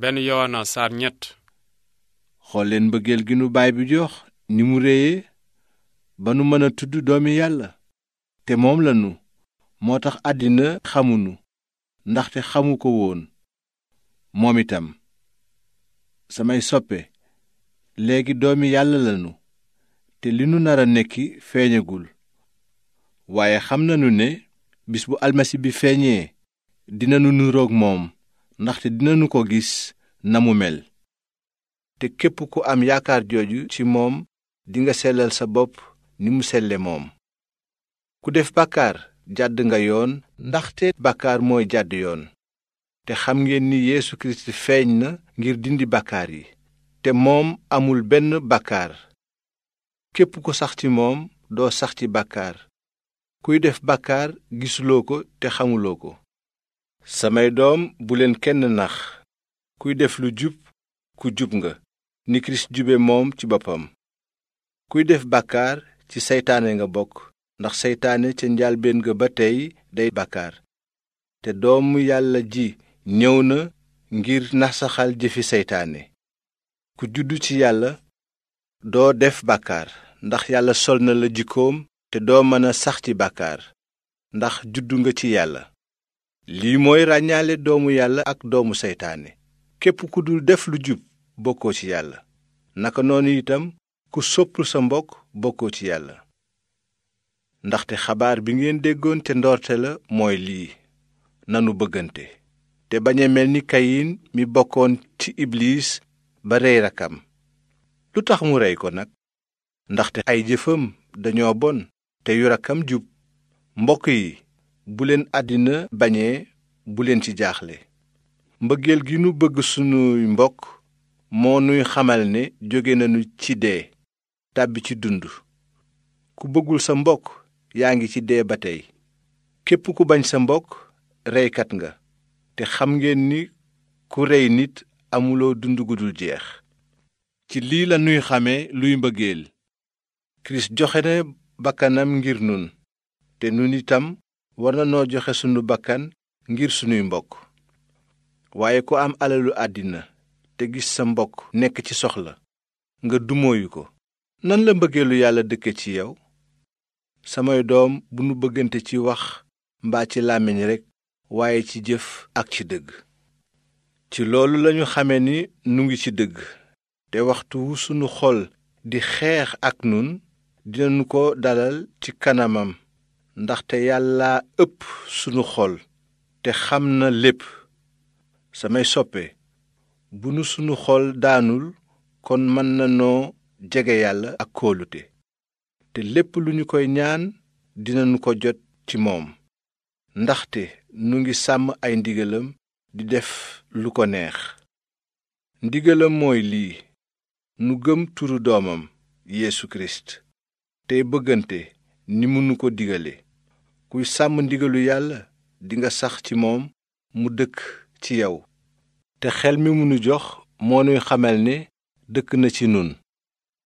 benn yowana saar ñett xool leen gi nu baay bi jox ni mu réyee ba nu mën a tudd doomi yàlla te moom lanu moo tax àddina xamunu ndaxte xamu ko woon moom itam samay soppe léegi doomi yàlla lanu te li nu nar a nekki feeñagul waaye xam nanu ne bis bu almasi bi feeñee dina nu nuroog moom ndaxte dinañu ko gis na mu mel te képp ku am yaakaar jooju ci moom dinga sellal sa bopp ni mu selle moom ku def bàkkaar jàdd nga yoon ndaxte bàkkaar mooy jàdd yoon te xam ngeen ni Yeesu Kirist feeñ na ngir dindi bàkkaar yi te moom amul benn bàkkaar képp ku sax ci moom doo sax ci bàkkaar kuy def bàkkaar gisuloo ko te xamuloo ko samay doom bu leen kenn nax kuy def lu jub ku jub nga ni kirist jube moom ci boppam kuy def bàkkaar ci seytaane nga bokk ndax seytaane ca njaalbeen ga ba tey day bàkkaar te doomu yàlla ji ñëw na ngir nasaxal jëfi seytaane ku juddu ci yàlla doo def bàkkaar ndax yàlla sol na la jikkoom te doo mën a sax ci bàkkaar ndax juddu nga ci yàlla lii mooy ràññaale doomu yàlla ak doomu seytaane képp ku dul def lu jub bokkoo ci yàlla naka noonu itam ku soppul sa mbokk bokkoo ci yàlla ndaxte xabaar bi ngeen déggoon te ndoorte la mooy lii nanu bëggante te bañ a mel ni kayin mi bokkoon ci ibliis ba rey rakkam lu tax mu rey ko nag ndaxte ay jëfam dañoo bon te yu rakkam jub mbokk yi buleen àddina bañee bu leen ci jaaxle mbëggeel gi nu bëgg sunuy mbokk moo nuy xamal ne jóge nañu ci dee tàbbi ci dund ku bëggul sa mbokk yaa ngi ci dee ba tey képp ku bañ sa mbokk reykat nga te xam ngeen ni ku rey nit amuloo dund gudul jeex ci lii la nuy xame luy mbëggeel kirist joxe bakkanam ngir nun te nun itam war na noo joxe sunu bakkan ngir sunuy mbokk waaye ku am alalu àddina te gis sa mbokk nekk ci soxla nga dumooyu ko nan la mbëggeelu yàlla dëkke ci yow samay doom bu nu bëggante ci wax mbaa ci làmmiñ rekk waaye ci jëf ak ci dëgg ci loolu lañu xame ni nu ngi ci dëgg te waxtu wu sunu xol di xeex ak nun dinañu ko dalal ci kanamam ndaxte yàlla ëpp sunu xol te xam na lépp samay soppe bu nu sunu xol daanul kon mën na noo jege yàlla ak kóolute te lépp lu ñu koy ñaan dinañu ko jot ci moom ndaxte nu ngi sàmm ay ndigalam di def lu ko neex ndigalam mooy lii nu gëm turu doomam Yeesu Kirist tey bëggante ni mu nu ko digale kuy sàmm ndigalu yàlla dinga sax ci moom mu dëkk ci yow te xel mi mu jox moo nuy xamal ne dëkk na ci nun